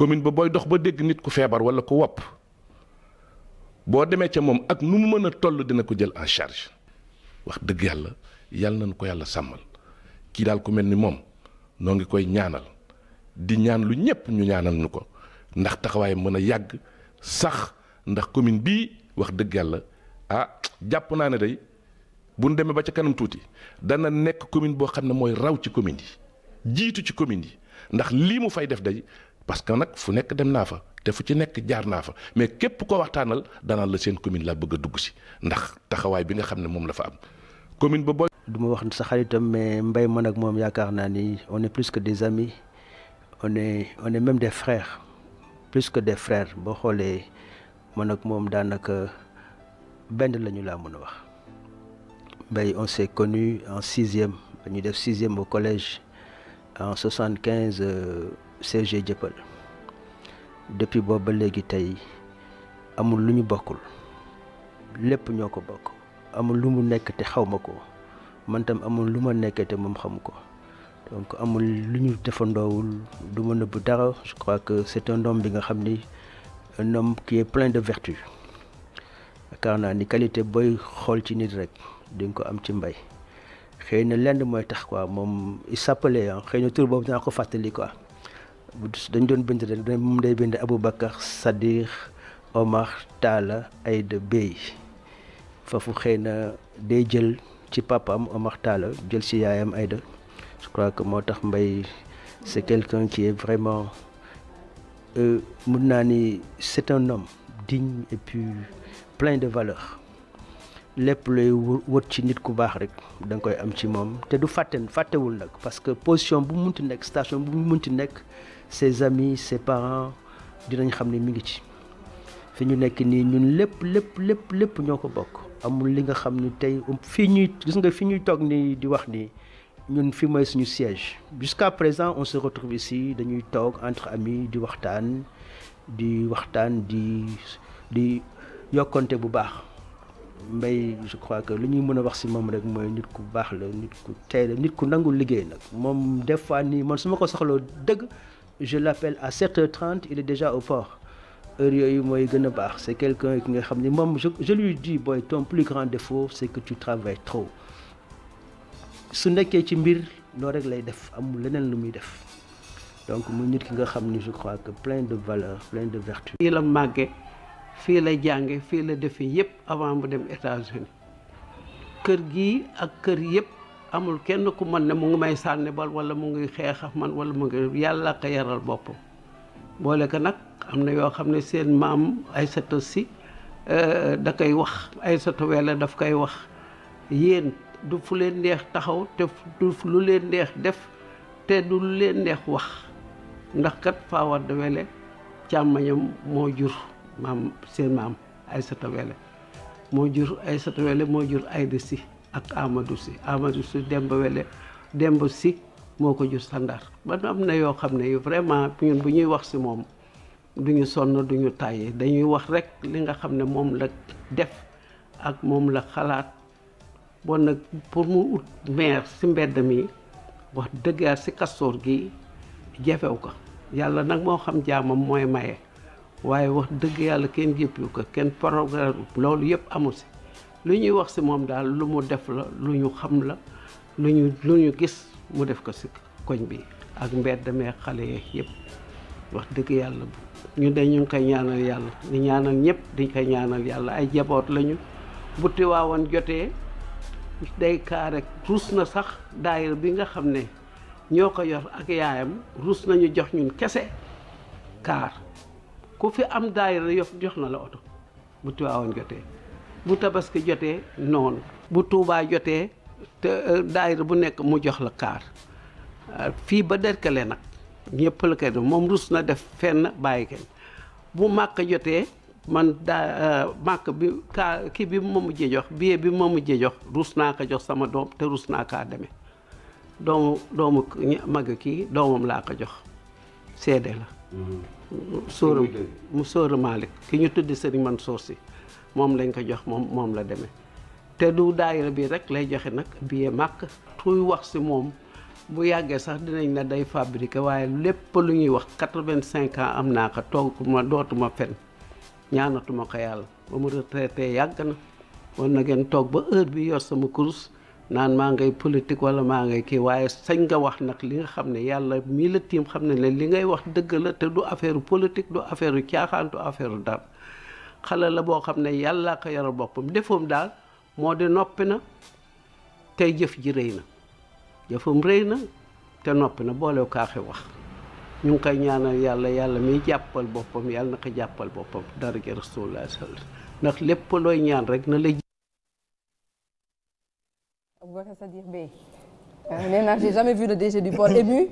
commune ba booy dox ba dégg nit ku feebar wala ku wopp boo demee ca moom ak nu mu mën a toll dina ko jël en charge wax dëgg yàlla yàlla nañu ko yàlla sàmmal kii daal ku mel ni moom noo ngi koy ñaanal di ñaan lu ñëpp ñu ñaanal ñu ko ndax taxawaay mën a yàgg sax ndax commune bii wax dëgg yàlla ah jàpp naa ne day bu ñu demee ba ca kanam tuuti dana nekk commune boo xam ne mooy raw ci commune yi jiitu ci commune yi ndax lii mu fay def day parce que nag fu nekk dem naa fa te fu ci nekk jaar naa fa mais képp koo waxtaanal danaan la seen commune laa bëgg a dugg si ndax taxawaay bi nga xam ne moom la fa am commune ba booy. du ma wax sa xaritam mais mbay man ak moom yaakaar naa ni on est plus que des amis on est on est même des frères plus que des frères boo xoolee man ak moom daanaka benn la ñu laa mën a wax. mbay on s'est connu en sixième ñu def sixième au collège en soixante quinze. Euh, CG Jëppal depuis boobu ba léegi tey amul lu ñu bokkul lépp ñoo ko bokk amul lu mu nekk te xaw ma ko man tam amul lu ma nekk te moom xamu ko donc amul lu ñu defandoowul du ma nëbb dara je crois que c'est un homme bi nga xam ni un homme qui de vertu yaakaar naa ni qualité booy xool ci nit rek di ko am ci mbay xëy na lend mooy tax quoi moom il s'appelait xëy na tur boobu naa ko fàttali quoi. dañ doon bind rek moom day bind Aboubacar Sadikh Omar Talla Aïda Bey foofu xëy na day jël ci papaam Omar Talla jël ci yaayam Aïda je crois que moo tax mbay c'est quelqu'un qui est vraiment euh, mun naa ni c'est un homme digne et puis plein de valeur lépp looy wër ci nit ku baax rek da nga koy am ci moom te du fàtte fàttewul nag parce que position bu mu munti nekk station bu mu munti nekk ses amis ses parents dinañ xam ne mi ngi ci fi ñu nekk nii ñun lépp lépp lépp lépp ñoo ko bokk amul li nga xam ni tey um, fii ñuy gis nga fi ñuy toog nii di wax nii ñun fi mooy suñu siège jusqu'à présent on se retrouve ici dañuy toog entre amis di waxtaan di waxtaan di di yokkonte bu baax mbay je crois que lu ñuy mën a wax si moom rek mooy nit ku baax la nit ku tey nit ku nangul liggéey nag moom des nii man su ma ko soxloo dëgg je l' à 7h30 il est déjà au port heure yooyu mooy gën a baax c' est quelqu'un ki nga xam ni moom je je lui dis booy ton plus grand défaut c' est que tu travailles trop su nekkee ci mbir loolu rek lay def amul leneen lu muy def donc mu nit ki nga xam ni je crois que plein de valeur plein de vertu. yi la màggee. fii la jànge fii la defe yépp avant bu dem États-Unis kër gii ak kër yépp amul kenn ku mën ne mu ngi may sànni bal wala mu ngi xeex ak man wala mu ngi yàlla ko yaral boppam boole ko nag am na yoo xam ne seen maam ay Aysata Si euh, da koy wax Aysata Wele daf koy wax yéen du fu leen neex taxaw te du lu leen neex def te du leen neex wax ndax kat Fawade Wele càmmañam moo jur maam seen maam Aïssata Wele moo jur ay Wele moo jur Aïda Si ak Amadou Si Amadou Si Demba Wele Demba Si moo ko jur standard man am na yoo xam ne vraiment ñun bu ñuy wax si moom duñu sonn duñu tàyyi dañuy wax rek li nga xam ne moom la def ak moom la xalaat bon nag pour mu ut maire si mbedd mi wax dëgg si kastoor gi jafew ko yàlla nag moo xam jaamam mooy maye waaye wax dëgg yàlla kenn jëppiwu ko kenn programme loolu yëpp amul si lu ñuy wax si moom daal lu mu def la lu ñu xam la lu ñu lu ñu gis mu def ko si koñ bi ak mbedd demee xale yeeg yëpp wax dëgg yàlla ñu de koy ñaanal yàlla di ñaanal ñëpp di koy ñaanal yàlla ay jaboot lañu bu tiwaawoon jotee day kaa rek na sax daayira bi nga xam ne ñoo ko yor ak yaayam ruus nañu jox ñun kese kaar ku fi am daayira yof jox na la oto bu Tiwaawan jotee bu tabaski jotee noonu bu Tuubaa jotee te euh, daayira bu nekk mu jox la kaar euh, fii ba derkale nag ñëpp la def moom rus na def fenn bàyyi kenn bu màkk jotee man daa euh, bi kaa kii bi ma mujjee jox billet bi ma mujjee jox rus naa ko jox sama doom te rus naa kaa deme doomu doomu mag kii doomam laa ko jox seede la mm-hmm. sóora mu sóora Malick ki ñu tuddi man Mansour si moom lañ ko jox moom moom la demee te du daayira bi rek lay joxe nag billet màkk tuy wax si moom bu yàggee sax dinañ la day fabriqué waaye lépp lu ñuy wax quatre-vingt-cinq am naa ko tooguma dootuma fen ñaanatuma ko yàlla ba mu retraité yàgg na war na ngeen toog ba heure bi yor sama kurus naan maa ngay politique wala maa ngay kii waaye sañ nga wax nag li nga xam ne yàlla mii la tiim xam ne ne li ngay wax dëgg la te du affaire politique du affaire caaxaan du affaire dara xale la boo xam ne yàlla ko yaral boppam defoom daal moo di noppi na tey jëf ji rëy na jëfam rëy na te noppi na boolew kaaxi wax ñu ngi koy ñaanal yàlla yàlla muy jàppal boppam yàlla na ko jàppal boppam dara ja rasulullah sallallahu ndax lépp looy ñaan rek na la Boubacar Sadikh Bèye nee naa j'ai jamais vu le DG du port ému